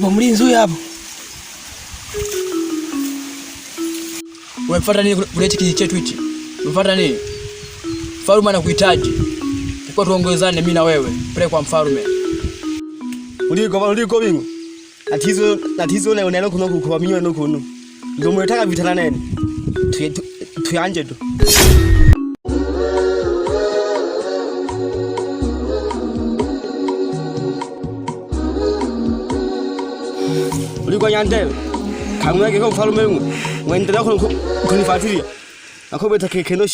hapo, mlinzi huyu hapo. Umefuata nini kuleta kijiji chetu hichi? Umefuata nini? Mfarume anakuhitaji. Kwa tuongozane mimi na wewe. pale kwa mfarume. Uliko uliko bingu. Tatizo tatizo leo nalo kuna kwa mimi na kuno. Ndio mwetaka vitana nani? Tuyanje tu. kwa yandel kamwe ke ko falume ngwendela khona khonifatiri akho betha ke keno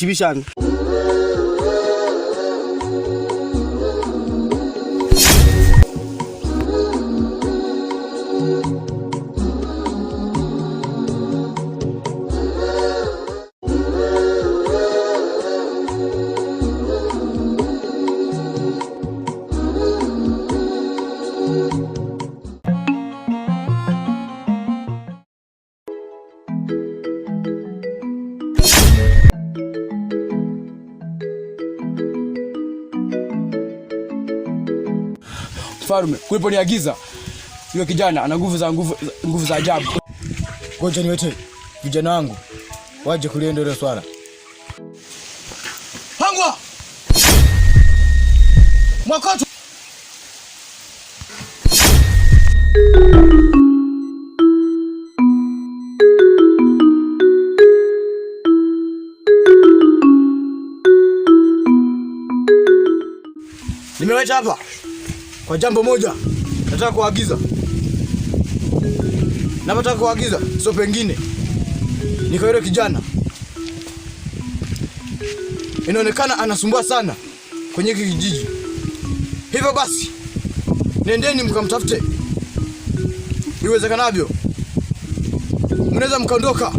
Mfalme, kuliponiagiza yule kijana ana nguvu za nguvu, nguvu za ajabu. Ngoja niwete vijana wangu waje kulienda ile swala. Hangwa! Mwakoto! Nimeweta hapa. Kwa jambo moja nataka kuagiza, napotaka kuagiza, sio pengine, ni kwa yule kijana. Inaonekana anasumbua sana kwenye hiki kijiji, hivyo basi nendeni mkamtafute iwezekanavyo, mnaweza mkaondoka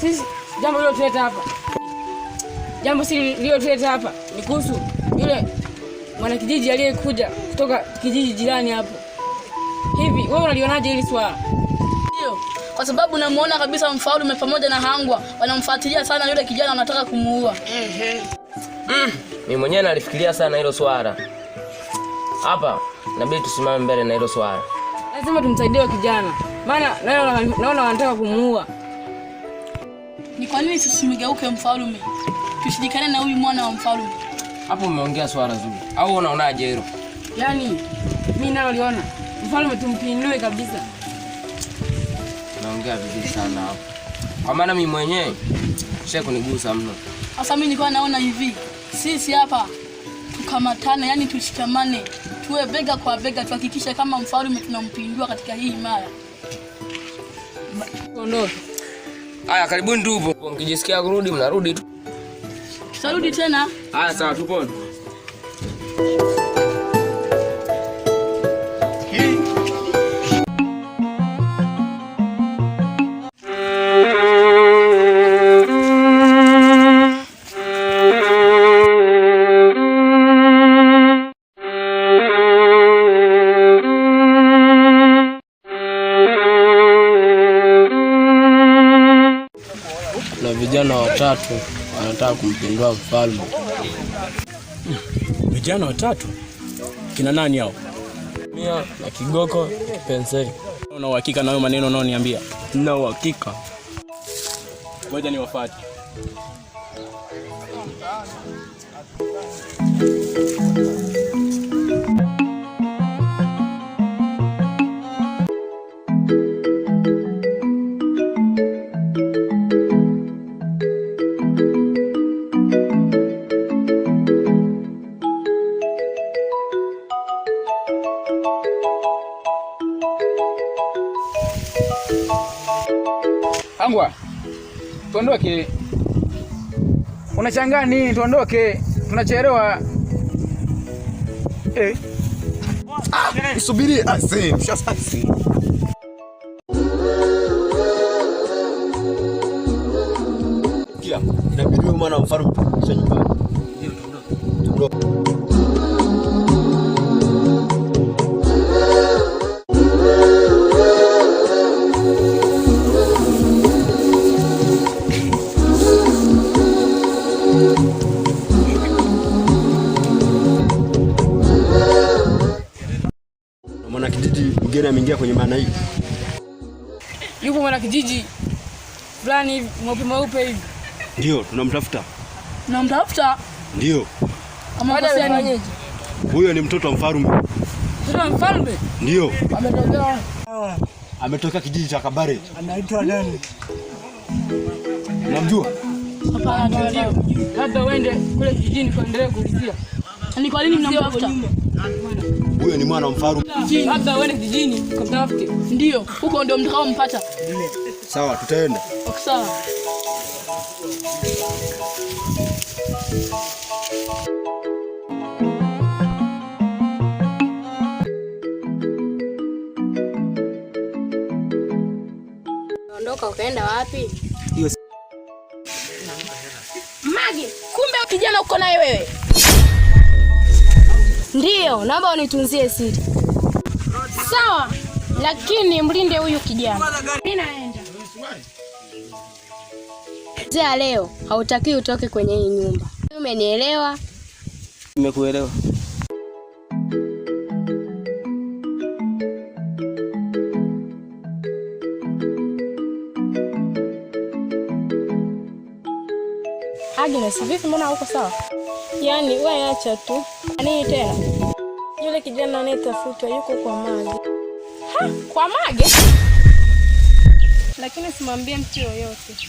sisi jambo lilotuleta hapa, jambo si hapa ni kuhusu yule kijiji aliyekuja kutoka kijiji jirani hapo. Hivi wewe unalionaje hili swala? kwa sababu namuona kabisa Mfaume pamoja na Hangwa wanamfuatilia sana yule kijana, wanataka kumuua. Mm, mimi mwenyewe nalifikiria sana hilo swala. Hapa nabidi tusimame mbele na hilo swala, lazima tumsaidie yule kijana, maana naona wanataka kumuua. Ni kwa nini sisi mgeuke Mfaume, tushirikiane na huyu mwana wa Mfaume? Hapo umeongea swala zuri, au unaonaje hilo? Yaani mimi nalo liona Mfaume tumpindue kabisa. Naongea vizuri sana hapo, kwa maana mimi mwenyewe she kunigusa mno. Sasa mimi nilikuwa naona hivi, sisi hapa tukamatane, yani tushikamane, tuwe bega kwa bega, tuhakikishe kama mfalme tunampindua katika hii imara. Haya, karibuni, tupo. Mkijisikia kurudi mnarudi tu, tutarudi tena. Haya, sawa, tupo. vijana watatu wanataka kumpindua mfalme. Vijana watatu kina nani hao? Mia na Kigoko na Kipenseli. Una uhakika na hayo maneno unaoniambia? Na uhakika. Ngoja niwafuate. Angwa, tuondoke. Unachangaa nini? Tuondoke, tunachelewa. Eh. Ah, subiri asante. Asante. Ah, Kila inabidi mwana mfaru kisha nyumbani. Ndio tuondoke. Tuondoke. kuingia kwenye maana hii. Yupo mwana kijiji fulani hivi mweupe mweupe hivi. Ndio tunamtafuta. Tunamtafuta? Ndio. Huyo ni mtoto wa mfalme. Mtoto wa mfalme? Ndio. Ametokea. Ametokea kijiji cha Kabare. Anaitwa nani? Unamjua? Hapana, ndio. Labda uende kule kijijini kuendelea kuulizia. Ni kwa nini mnamtafuta? Huyo ni mwana mfaru. Labda uende kijijini kamtafute. Ndio, huko ndio mtakao mpata. Sawa, tutaenda. Okay, sawa. Ondoka ukaenda wapi? Magi, kumbe kijana uko naye wewe. Ndiyo, naomba unitunzie siri. Sawa, lakini mlinde huyu kijana. Mimi naenda. Zia, leo hautaki utoke kwenye hii nyumba. Umenielewa? Nimekuelewa. Agnes, vipi mbona uko sawa? Yaani wewe acha tu. Nini tena? Yule kijana anayetafutwa yuko kwa Mage. Ha, kwa Mage? Lakini simwambie mtu yoyote.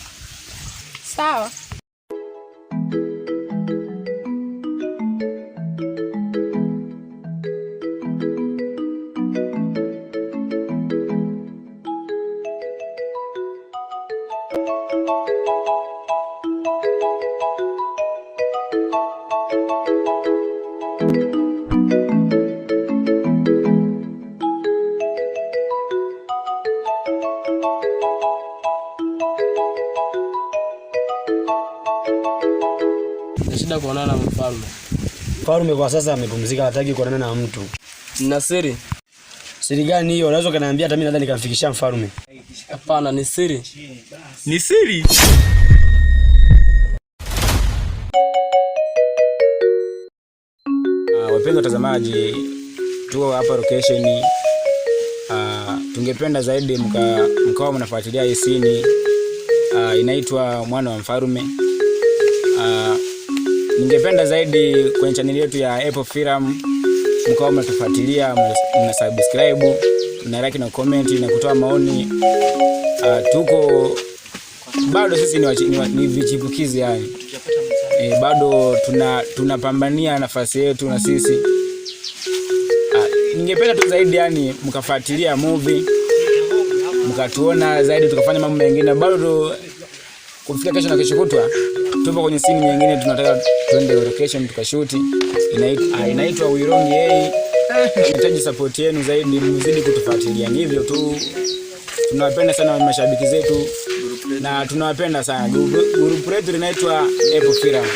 Sawa. kuonana na mfalme. Mfalme kwa sasa amepumzika, hataki kuonana na mtu. Na siri? Siri gani hiyo? Unaweza kaniambia, hata mimi nadhani nikamfikishia mfalme. Hapana, ni siri. Ni siri. Uh, wapenzi watazamaji, tuko hapa location uh, tungependa zaidi mka mkawa mnafuatilia hii sini uh, ah, inaitwa Mwana wa Mfalme uh, Ningependa zaidi kwenye chaneli yetu ya Apple film mkao mnatufuatilia, mna subscribe, mna like na comment na kutoa maoni. Uh, tuko bado sisi ni, ni, ni vichipukizi yani. E, bado tunapambania tuna nafasi yetu na sisi. Uh, ningependa tu zaidi yani mkafuatilia movie mkatuona zaidi tukafanya mambo mengine bado kufika kesho na kesho kutwa tupo kwenye sini nyingine, tunataka tuende location tukashuti, ah, inaitwa Wironi yei. Tunahitaji support yenu zaidi, mzidi kutufuatilia. hivyo tu, tunawapenda sana mashabiki zetu na tunawapenda sana. Grupu letu linaitwa Epo Filamu.